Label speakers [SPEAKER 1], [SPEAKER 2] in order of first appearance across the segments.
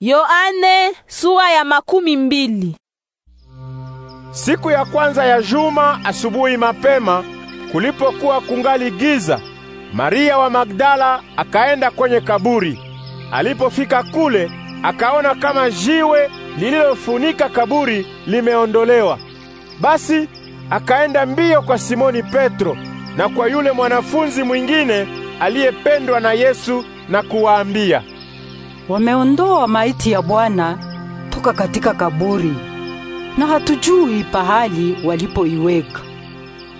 [SPEAKER 1] Yoane, sura ya makumi mbili. Siku ya kwanza ya juma asubuhi mapema, kulipokuwa kungali giza, Maria wa Magdala akaenda kwenye kaburi. Alipofika kule, akaona kama jiwe lililofunika kaburi limeondolewa. Basi akaenda mbio kwa Simoni Petro na kwa yule mwanafunzi mwingine aliyependwa na Yesu na kuwaambia wameondoa maiti ya Bwana toka katika kaburi na hatujui pahali walipoiweka.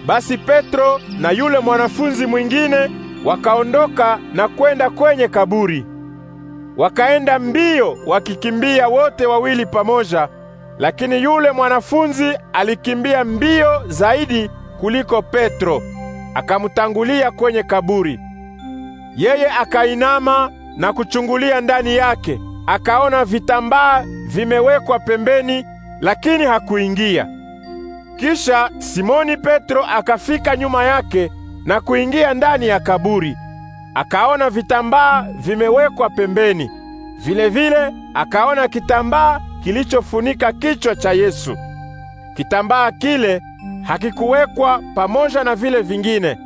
[SPEAKER 1] Basi Petro na yule mwanafunzi mwingine wakaondoka na kwenda kwenye kaburi. Wakaenda mbio wakikimbia wote wawili pamoja, lakini yule mwanafunzi alikimbia mbio zaidi kuliko Petro, akamtangulia kwenye kaburi. Yeye akainama na kuchungulia ndani yake, akaona vitambaa vimewekwa pembeni, lakini hakuingia. Kisha Simoni Petro akafika nyuma yake na kuingia ndani ya kaburi, akaona vitambaa vimewekwa pembeni. vile vile, akaona kitambaa kilichofunika kichwa cha Yesu. Kitambaa kile hakikuwekwa pamoja na vile vingine,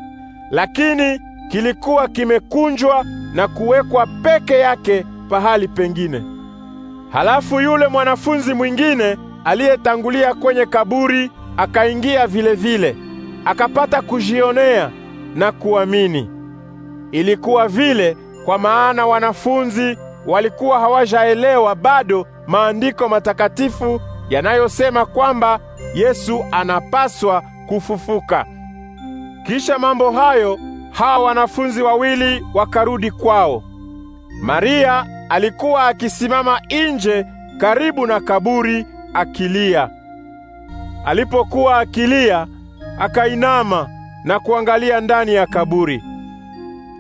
[SPEAKER 1] lakini kilikuwa kimekunjwa na kuwekwa peke yake pahali pengine. Halafu yule mwanafunzi mwingine aliyetangulia kwenye kaburi akaingia vile vile, akapata kujionea na kuamini. Ilikuwa vile kwa maana wanafunzi walikuwa hawajaelewa bado maandiko matakatifu yanayosema kwamba Yesu anapaswa kufufuka. Kisha mambo hayo hawa wanafunzi wawili wakarudi kwao. Maria alikuwa akisimama nje karibu na kaburi akilia. Alipokuwa akilia, akainama na kuangalia ndani ya kaburi.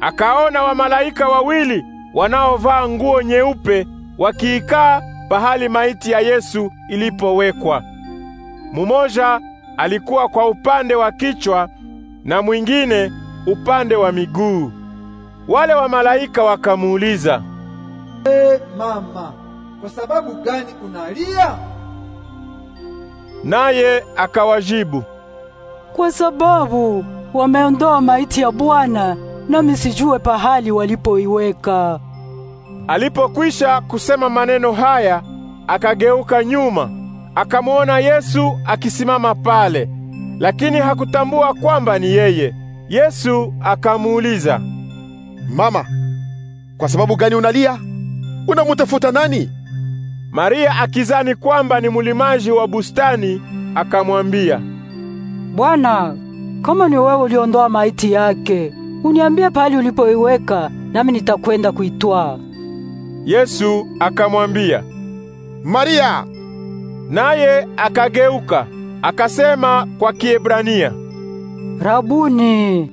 [SPEAKER 1] Akaona wamalaika wawili wanaovaa nguo nyeupe wakiikaa pahali maiti ya Yesu ilipowekwa. Mumoja alikuwa kwa upande wa kichwa na mwingine upande wa miguu. Wale wa malaika wakamuuliza, "E mama, kwa sababu gani unalia?" Naye akawajibu, "Kwa sababu wameondoa maiti ya Bwana, nami sijue pahali walipoiweka." Alipokwisha kusema maneno haya, akageuka nyuma, akamwona Yesu akisimama pale, lakini hakutambua kwamba ni yeye. Yesu akamuuliza, Mama, kwa sababu gani unalia? Unamutafuta nani? Maria akizani kwamba ni mulimaji wa bustani akamwambia, Bwana, kama ni wewe uliondoa maiti yake, uniambie pahali ulipoiweka, nami nitakwenda kuitwaa. Yesu akamwambia, Maria. Naye akageuka akasema kwa Kiebrania, Rabuni,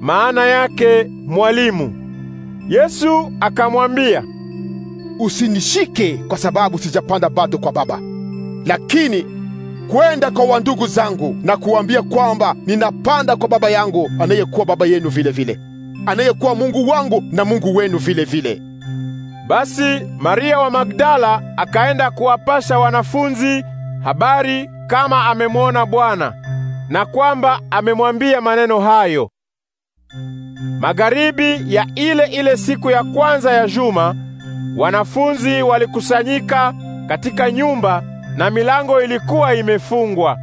[SPEAKER 1] maana yake mwalimu. Yesu akamwambia, usinishike kwa sababu sijapanda bado kwa Baba, lakini kwenda kwa wandugu zangu na kuambia kwamba ninapanda kwa Baba yangu anayekuwa Baba yenu vile vile, anayekuwa Mungu wangu na Mungu wenu vile vile. Basi Maria wa Magdala akaenda kuwapasha wanafunzi habari kama amemwona Bwana na kwamba amemwambia maneno hayo. Magharibi ya ile ile siku ya kwanza ya juma, wanafunzi walikusanyika katika nyumba na milango ilikuwa imefungwa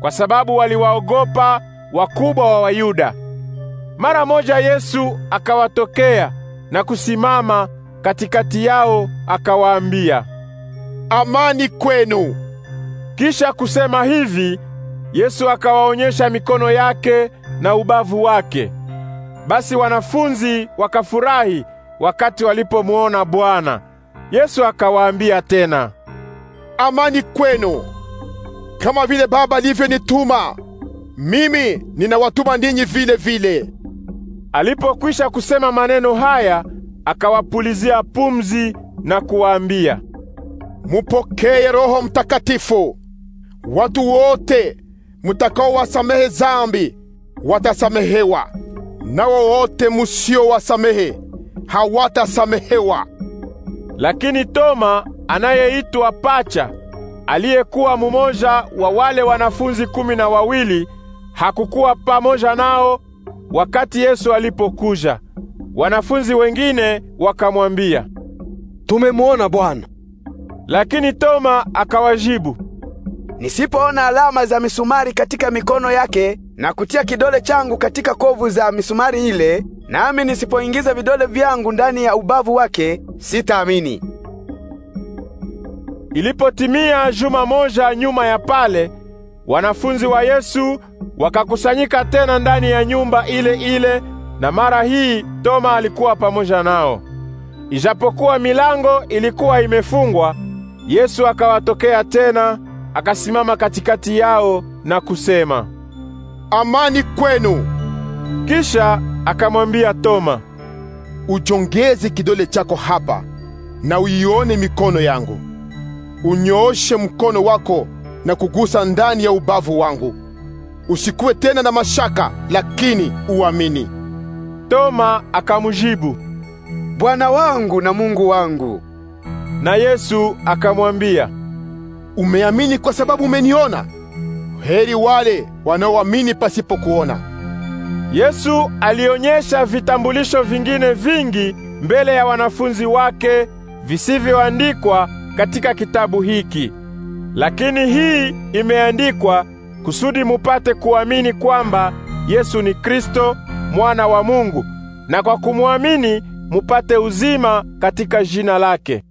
[SPEAKER 1] kwa sababu waliwaogopa wakubwa wa Wayuda. Mara moja Yesu akawatokea na kusimama katikati yao akawaambia, Amani kwenu. Kisha kusema hivi Yesu akawaonyesha mikono yake na ubavu wake. Basi wanafunzi wakafurahi wakati walipomwona Bwana. Yesu akawaambia tena, amani kwenu. Kama vile Baba alivyonituma mimi, ninawatuma ninyi vile vile. Alipokwisha kusema maneno haya, akawapulizia pumzi na kuwaambia, mupokee Roho Mtakatifu. Watu wote wasamehe zambi watasamehewa, nao wote musiowasamehe hawatasamehewa. Lakini Toma anayeitwa Pacha, aliyekuwa mumoja wa wale wanafunzi kumi na wawili, hakukuwa pamoja nao wakati Yesu alipokuja. Wanafunzi wengine wakamwambia, tumemwona Bwana. Lakini Toma akawajibu, Nisipoona alama za misumari katika mikono yake na kutia kidole changu katika kovu za misumari ile, nami na nisipoingiza vidole vyangu ndani ya ubavu wake, sitaamini. Ilipotimia juma moja nyuma ya pale, wanafunzi wa Yesu wakakusanyika tena ndani ya nyumba ile ile, na mara hii Toma alikuwa pamoja nao. Ijapokuwa milango ilikuwa imefungwa, Yesu akawatokea tena akasimama katikati yao na kusema, amani kwenu. Kisha akamwambia Toma, uchongeze kidole chako hapa na uione mikono yangu, unyooshe mkono wako na kugusa ndani ya ubavu wangu, usikuwe tena na mashaka, lakini uamini. Toma akamjibu, Bwana wangu na Mungu wangu. Na Yesu akamwambia Umeamini kwa sababu umeniona. Heri wale wanaoamini pasipo kuona. Yesu alionyesha vitambulisho vingine vingi mbele ya wanafunzi wake visivyoandikwa katika kitabu hiki. Lakini hii imeandikwa kusudi mupate kuamini kwamba Yesu ni Kristo mwana wa Mungu na kwa kumwamini mupate uzima katika jina lake.